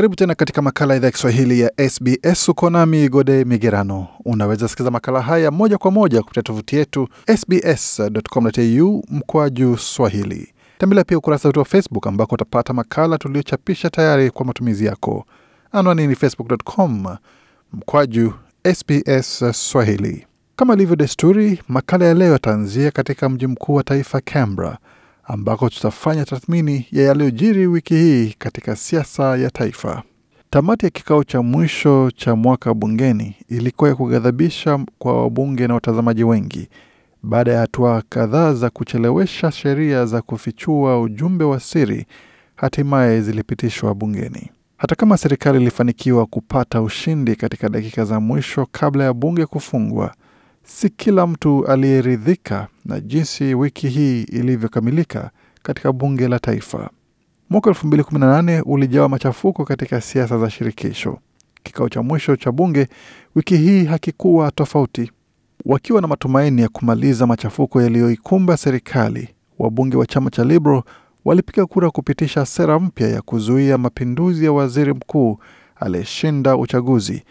Karibu tena katika makala idhaa ya Kiswahili ya SBS. Uko nami Gode Migerano. Unaweza sikiza makala haya moja kwa moja kupitia tovuti yetu sbs.com.au mkwaju swahili. Tembelea pia ukurasa wetu wa Facebook ambako utapata makala tuliochapisha tayari kwa matumizi yako. Anwani ni facebook.com mkwaju SBS Swahili. Kama ilivyo desturi, makala ya leo yataanzia katika mji mkuu wa taifa Canberra, ambako tutafanya tathmini ya yaliyojiri wiki hii katika siasa ya taifa. Tamati ya kikao cha mwisho cha mwaka bungeni ilikuwa ya kughadhabisha kwa wabunge na watazamaji wengi baada ya hatua kadhaa za kuchelewesha sheria za kufichua ujumbe wa siri hatimaye zilipitishwa bungeni. Hata kama serikali ilifanikiwa kupata ushindi katika dakika za mwisho kabla ya bunge kufungwa, Si kila mtu aliyeridhika na jinsi wiki hii ilivyokamilika katika bunge la taifa. Mwaka 2018 ulijawa machafuko katika siasa za shirikisho. Kikao cha mwisho cha bunge wiki hii hakikuwa tofauti. Wakiwa na matumaini ya kumaliza machafuko yaliyoikumba serikali, wabunge wa chama cha Liberal walipiga kura kupitisha sera mpya ya kuzuia mapinduzi ya waziri mkuu aliyeshinda uchaguzi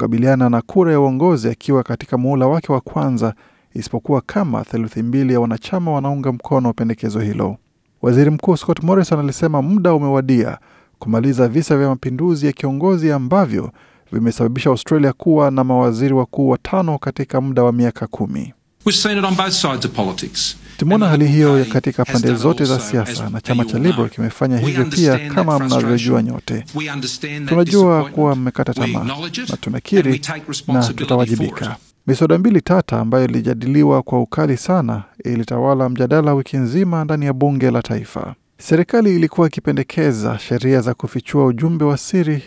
kukabiliana na kura ya uongozi akiwa katika muhula wake wa kwanza, isipokuwa kama theluthi mbili ya wanachama wanaunga mkono pendekezo hilo. Waziri Mkuu Scott Morrison alisema muda umewadia kumaliza visa vya mapinduzi ya kiongozi ambavyo vimesababisha Australia kuwa na mawaziri wakuu watano katika muda wa miaka kumi. Tumeona hali hiyo katika pande zote za siasa na chama cha Labour kimefanya hivyo pia. Kama mnavyojua nyote, tunajua kuwa mmekata tamaa na tunakiri na tutawajibika. Miswada mbili tata ambayo ilijadiliwa kwa ukali sana ilitawala mjadala wiki nzima ndani ya bunge la taifa. Serikali ilikuwa ikipendekeza sheria za kufichua ujumbe wa siri.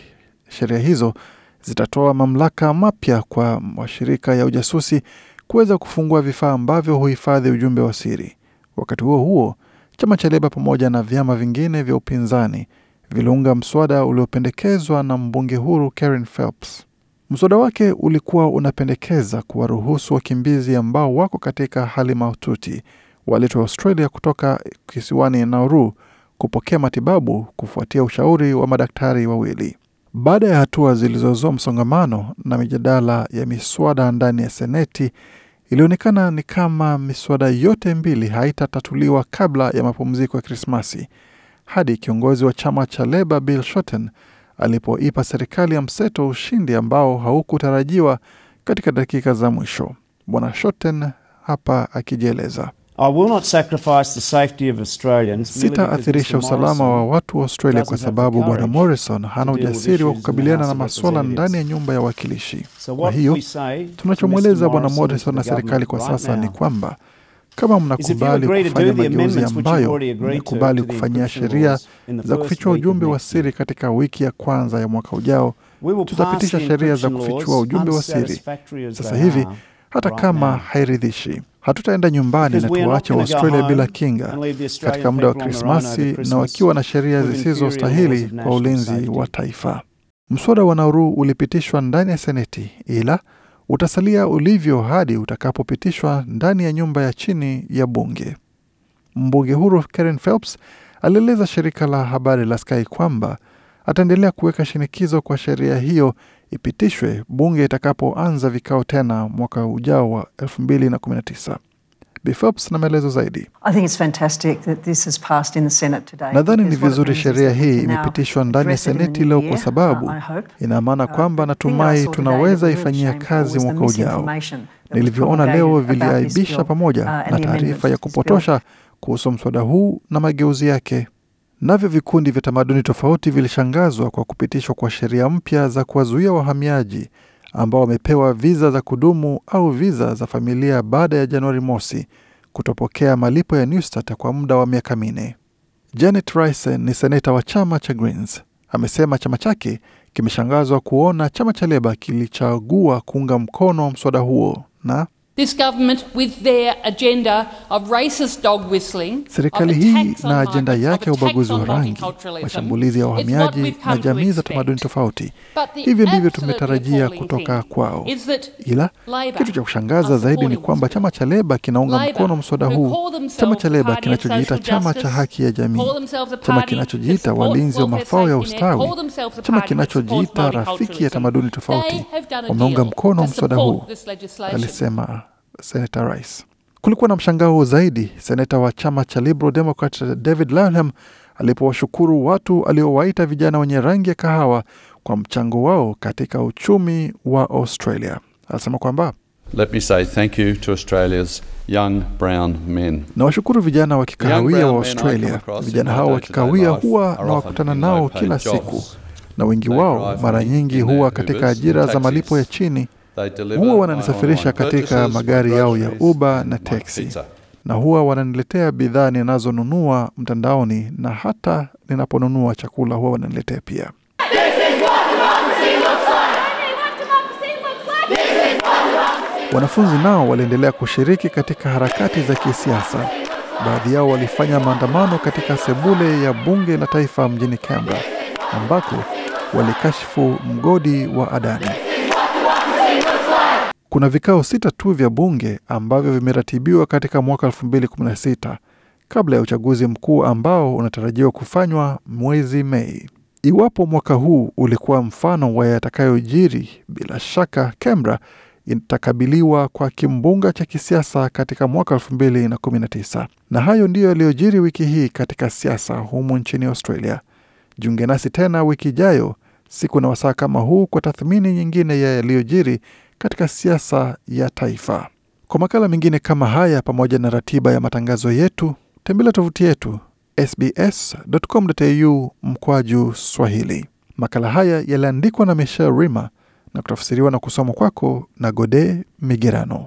Sheria hizo zitatoa mamlaka mapya kwa mashirika ya ujasusi kuweza kufungua vifaa ambavyo huhifadhi ujumbe wa siri. Wakati huo huo, chama cha Leba pamoja na vyama vingine vya upinzani viliunga mswada uliopendekezwa na mbunge huru Karen Phelps. Mswada wake ulikuwa unapendekeza kuwaruhusu wakimbizi ambao wako katika hali mahututi waletwa Australia kutoka kisiwani Nauru kupokea matibabu kufuatia ushauri wa madaktari wawili. Baada ya hatua zilizozoa msongamano na mijadala ya miswada ndani ya Seneti, ilionekana ni kama miswada yote mbili haitatatuliwa kabla ya mapumziko ya Krismasi hadi kiongozi wa chama cha Leba Bill Shorten alipoipa serikali ya mseto ushindi ambao haukutarajiwa katika dakika za mwisho. Bwana Shorten hapa akijieleza. Sitaathirisha usalama wa watu wa Australia kwa sababu Bwana Morrison hana ujasiri wa kukabiliana na maswala ndani ya nyumba ya wakilishi. Kwa hiyo tunachomweleza Bwana Morrison na serikali kwa sasa ni kwamba kama mnakubali kufanya mageuzi ambayo mnakubali kufanyia sheria za kufichua ujumbe wa siri katika wiki ya kwanza ya mwaka ujao, tutapitisha sheria za kufichua ujumbe wa siri sasa hivi hata kama hairidhishi. Hatutaenda nyumbani na tuwaache Waustralia bila kinga katika muda wa Krismasi na wakiwa na sheria zisizostahili kwa ulinzi wa taifa. Mswada wa Nauru ulipitishwa ndani ya Seneti, ila utasalia ulivyo hadi utakapopitishwa ndani ya nyumba ya chini ya bunge. Mbunge huru Karen Phelps alieleza shirika la habari la Sky kwamba ataendelea kuweka shinikizo kwa sheria hiyo ipitishwe bunge itakapoanza vikao tena mwaka ujao wa 2019. Bifops na maelezo zaidi. Nadhani ni vizuri sheria hii imepitishwa ndani ya seneti leo, kwa sababu ina maana uh, kwamba natumai tunaweza ifanyia kazi mwaka ujao. Nilivyoona leo viliaibisha pamoja uh, na taarifa ya kupotosha kuhusu mswada huu na mageuzi yake. Navyo vikundi vya tamaduni tofauti vilishangazwa kwa kupitishwa kwa sheria mpya za kuwazuia wahamiaji ambao wamepewa viza za kudumu au viza za familia baada ya Januari mosi kutopokea malipo ya Newstart kwa muda wa miaka minne. Janet Rice ni seneta wa chama cha Greens, amesema chama chake kimeshangazwa kuona chama cha Leba kilichagua kuunga mkono mswada huo na Serikali hii na ajenda yake ya ubaguzi wa rangi, mashambulizi ya wahamiaji na jamii za tamaduni tofauti. Hivyo ndivyo tumetarajia kutoka kwao. Ila kitu cha kushangaza zaidi ni kwamba chama cha Leba kinaunga mkono mswada huu. Chama cha Leba kinachojiita chama cha haki ya jamii, chama kinachojiita walinzi wa mafao ya ustawi, chama kinachojiita rafiki ya tamaduni tofauti, wameunga mkono mswada huu, alisema senata Rice. Kulikuwa na mshangao zaidi seneta wa chama cha Liberal Democrat David Lanham alipowashukuru watu aliowaita vijana wenye rangi ya kahawa kwa mchango wao katika uchumi wa Australia. Alisema kwamba Let me say thank you to Australia's young brown men. vijana wa kikahawia wa Australia. Vijana hao wa kikahawia huwa na wakutana nao kila siku, na wengi wao mara nyingi huwa katika ajira za malipo ya chini huwa wananisafirisha katika magari yao ya Uber na teksi, na huwa wananiletea bidhaa ninazonunua mtandaoni, na hata ninaponunua chakula huwa wananiletea pia. Wanafunzi nao waliendelea kushiriki katika harakati za kisiasa. Baadhi yao walifanya maandamano katika sebule ya bunge la taifa mjini Canberra, ambako walikashfu mgodi wa Adani. Kuna vikao sita tu vya bunge ambavyo vimeratibiwa katika mwaka 2016 kabla ya uchaguzi mkuu ambao unatarajiwa kufanywa mwezi Mei. Iwapo mwaka huu ulikuwa mfano wa yatakayojiri, bila shaka Canberra itakabiliwa kwa kimbunga cha kisiasa katika mwaka 2019. Na hayo ndiyo yaliyojiri wiki hii katika siasa humu nchini Australia. Jiunge nasi tena wiki ijayo, siku na wasaa kama huu, kwa tathmini nyingine ya yaliyojiri katika siasa ya taifa. Kwa makala mengine kama haya, pamoja na ratiba ya matangazo yetu, tembelea tovuti yetu sbs.com.au mkwaju Swahili. Makala haya yaliandikwa na Michel Rima na kutafsiriwa na kusomwa kwako na Gode Migerano.